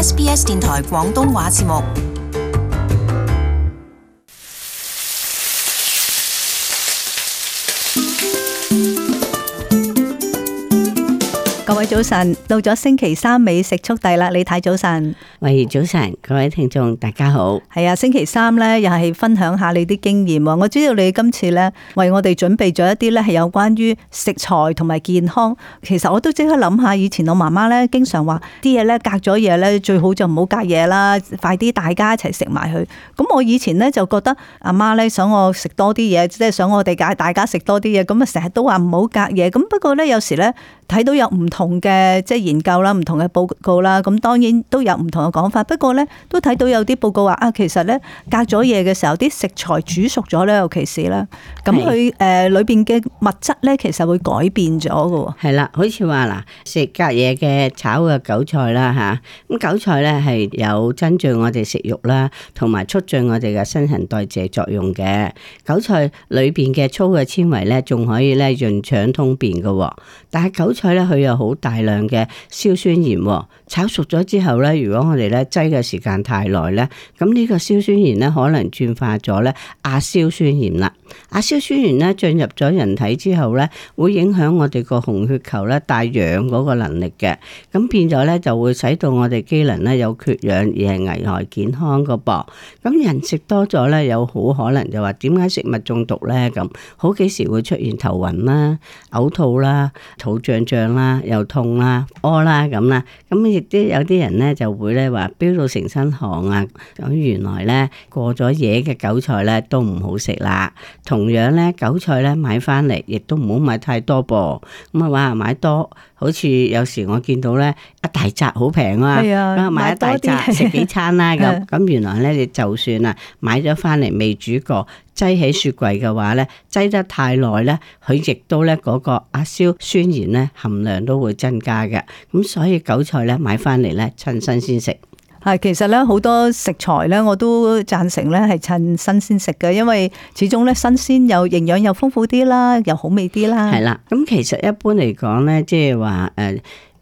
SBS 電台廣東話節目。各位早晨，到咗星期三美食速遞啦！你睇早晨，喂，早晨，各位聽眾大家好，係啊，星期三咧，又係分享下你啲經驗喎，我知道你今次咧為我哋準備咗一啲咧，係有關於食材同埋健康。其實我都即刻諗下，以前我媽媽咧經常話啲嘢，咧隔咗嘢，咧最好就唔好隔嘢啦，快啲大家一齊食埋佢。咁我以前咧就覺得阿媽咧想我食多啲嘢，即係想我哋解大家食多啲嘢，咁啊成日都話唔好隔嘢。咁不過咧有時咧睇到有唔同同嘅即係研究啦，唔同嘅報告啦，咁當然都有唔同嘅講法。不過呢，都睇到有啲報告話啊，其實呢，隔咗嘢嘅時候，啲食材煮熟咗呢，尤其是咧，咁佢誒裏邊嘅物質呢，其實會改變咗嘅喎。係啦，好似話嗱，食隔夜嘅炒嘅韭菜啦吓，咁韭菜呢係有增進我哋食慾啦，同埋促進我哋嘅新陳代謝作用嘅。韭菜裏邊嘅粗嘅纖維呢，仲可以呢潤腸通便嘅。但係韭菜呢，佢又好大量嘅硝酸鹽，炒熟咗之後咧，如果我哋咧擠嘅時間太耐咧，咁呢個硝酸鹽咧可能轉化咗咧亞硝酸鹽啦。亞硝酸鹽咧進入咗人體之後咧，會影響我哋個紅血球咧帶氧嗰個能力嘅，咁變咗咧就會使到我哋機能咧有缺氧而係危害健康嘅噃。咁人食多咗咧，有好可能就話點解食物中毒咧？咁好幾時會出現頭暈啦、嘔吐啦、肚脹脹啦。又痛啦，啊啊啦，屙啦咁啦，咁亦都有啲人咧就會咧話飆到成身汗啊！咁原來咧過咗夜嘅韭菜咧都唔好食啦。同樣咧，韭菜咧買翻嚟亦都唔好買太多噃。咁啊，話，買多～好似有時我見到咧，一大紮好平啊，係啊，咁買一大紮食幾餐啦咁。咁 原來咧，你就算啊買咗翻嚟未煮過，擠喺雪櫃嘅話咧，擠得太耐咧，佢亦都咧嗰個亞硝酸鹽咧含量都會增加嘅。咁所以韭菜咧買翻嚟咧趁身先食。係，其實咧好多食材咧我都贊成咧係趁新鮮食嘅，因為始終咧新鮮又營養又豐富啲啦，又好味啲啦。係啦，咁其實一般嚟講咧，即係話誒。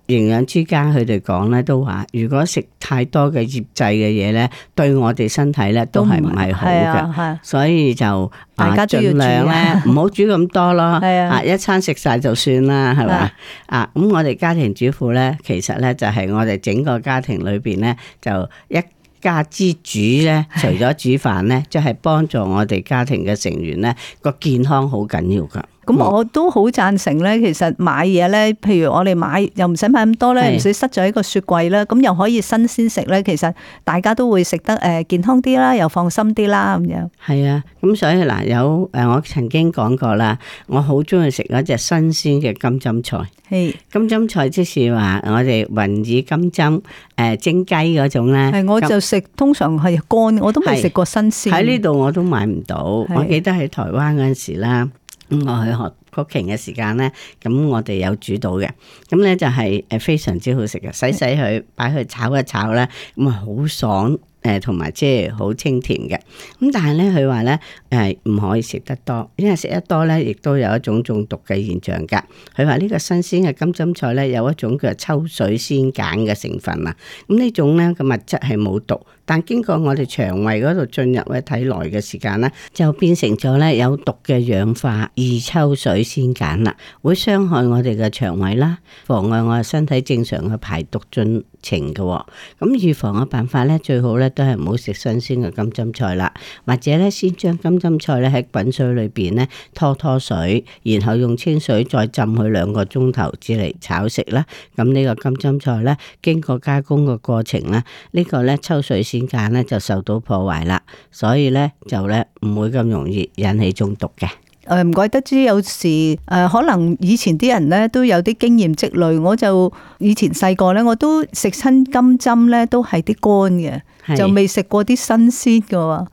營養之間，佢哋講咧都話，如果食太多嘅醃製嘅嘢咧，對我哋身體咧都係唔係好嘅，所以就大家盡量咧，唔好住了 煮咁多咯。啊，一餐食晒就算啦，係嘛？啊，咁我哋家庭主婦咧，其實咧就係、是、我哋整個家庭裏邊咧，就一家之主咧，的除咗煮飯咧，即係幫助我哋家庭嘅成員咧個健康好緊要噶。咁我都好贊成咧，其實買嘢咧，譬如我哋買又唔使買咁多咧，唔使是塞咗一個雪櫃啦，咁又可以新鮮食咧。其實大家都會食得誒健康啲啦，又放心啲啦咁樣。係啊，咁所以嗱有誒，我曾經講過啦，我好中意食嗰隻新鮮嘅金針菜。係是金針菜即是話我哋雲耳金針誒、啊、蒸雞嗰種咧。係我就食通常係乾，我都未食過新鮮。喺呢度我都買唔到。是我記得喺台灣嗰陣時啦。咁我去學 cooking 嘅時間咧，咁我哋有煮到嘅，咁咧就係誒非常之好食嘅，洗洗佢擺去炒一炒咧，咁、嗯、啊好爽誒，同埋即係好清甜嘅。咁、嗯、但係咧，佢話咧誒唔可以食得多，因為食得多咧，亦都有一種中毒嘅現象㗎。佢話呢個新鮮嘅金針菜咧有一種叫秋水仙鹼嘅成分啊，咁、嗯嗯、呢種咧嘅物質係冇毒。但經過我哋腸胃嗰度進入嘅體內嘅時間咧，就變成咗咧有毒嘅氧化二秋水仙鹼啦，會傷害我哋嘅腸胃啦，妨礙我哋身體正常嘅排毒進程嘅、哦。咁預防嘅辦法咧，最好咧都係唔好食新鮮嘅金針菜啦，或者咧先將金針菜咧喺滾水裏邊咧拖拖水，然後用清水再浸佢兩個鐘頭至嚟炒食啦。咁呢個金針菜咧經過加工嘅過程咧，呢、這個咧秋水仙鹼，點解咧就受到破壞啦？所以咧就咧唔會咁容易引起中毒嘅。誒，唔怪得知，有時誒，可能以前啲人咧都有啲經驗積累。我就以前細個咧，我都食親金針咧，都係啲乾嘅。就未食過啲新鮮嘅，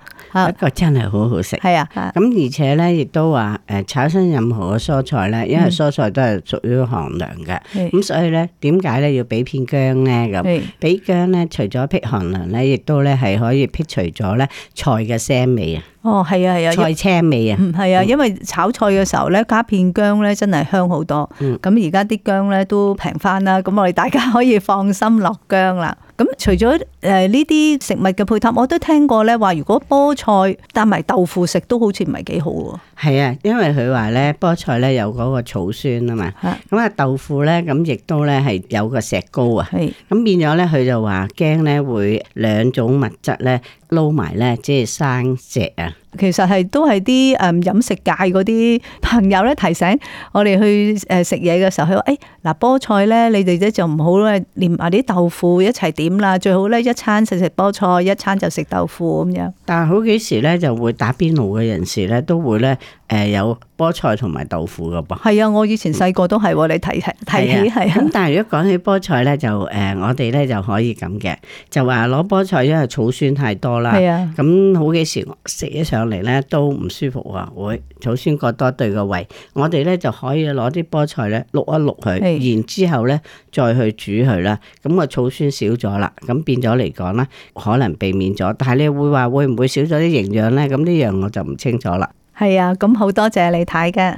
不過真係好好食。係啊，咁、啊、而且咧亦都話，誒炒新任何嘅蔬菜咧，因為蔬菜都係屬於寒涼嘅，咁是所以咧點解咧要俾片薑咧？咁俾薑咧，除咗辟寒涼咧，亦都咧係可以辟除咗咧菜嘅腥味啊、哦、啊啊菜味啊。哦，係啊，係啊，菜青味啊，係啊，因為炒菜嘅時候咧加片薑咧，真係香好多。咁而家啲薑咧都平翻啦，咁我哋大家可以放心落薑啦。咁、嗯、除咗誒呢啲食物嘅配搭，我都聽過咧話，如果菠菜搭埋豆腐食，都好似唔係幾好喎、啊。係啊，因為佢話咧，菠菜咧有嗰個草酸啊嘛，咁啊豆腐咧咁亦都咧係有個石膏啊，咁係變咗咧佢就話驚咧會兩種物質咧撈埋咧即係生石啊。其實係都係啲誒飲食界嗰啲朋友咧提醒我哋去誒食嘢嘅時候，佢話：誒、哎、嗱菠菜咧，你哋咧就唔好咧連埋啲豆腐一齊點啦，最好咧一餐食食菠菜，一餐就食豆腐咁樣。但係好幾時咧就會打邊爐嘅人士咧都會咧。誒、呃，有菠菜同埋豆腐噶噃，係啊！我以前細個都係，嗯、你睇睇睇係啊。咁但係如果講起菠菜咧，就誒、呃，我哋咧就可以咁嘅，就話攞菠菜因為草酸太多啦，咁、啊、好幾時食起上嚟咧都唔舒服啊，會草酸過多對個胃。我哋咧就可以攞啲菠菜咧淥一淥佢，是然之後咧再去煮佢啦。咁個草酸少咗啦，咁變咗嚟講咧，可能避免咗。但係你會話會唔會少咗啲營養咧？咁呢樣我就唔清楚啦。係啊，咁好多謝你睇嘅。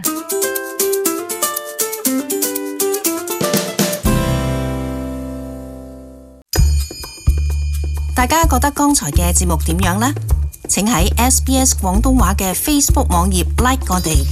大家覺得剛才嘅節目點樣呢？請喺 SBS 廣東話嘅 Facebook 網頁 like 我哋。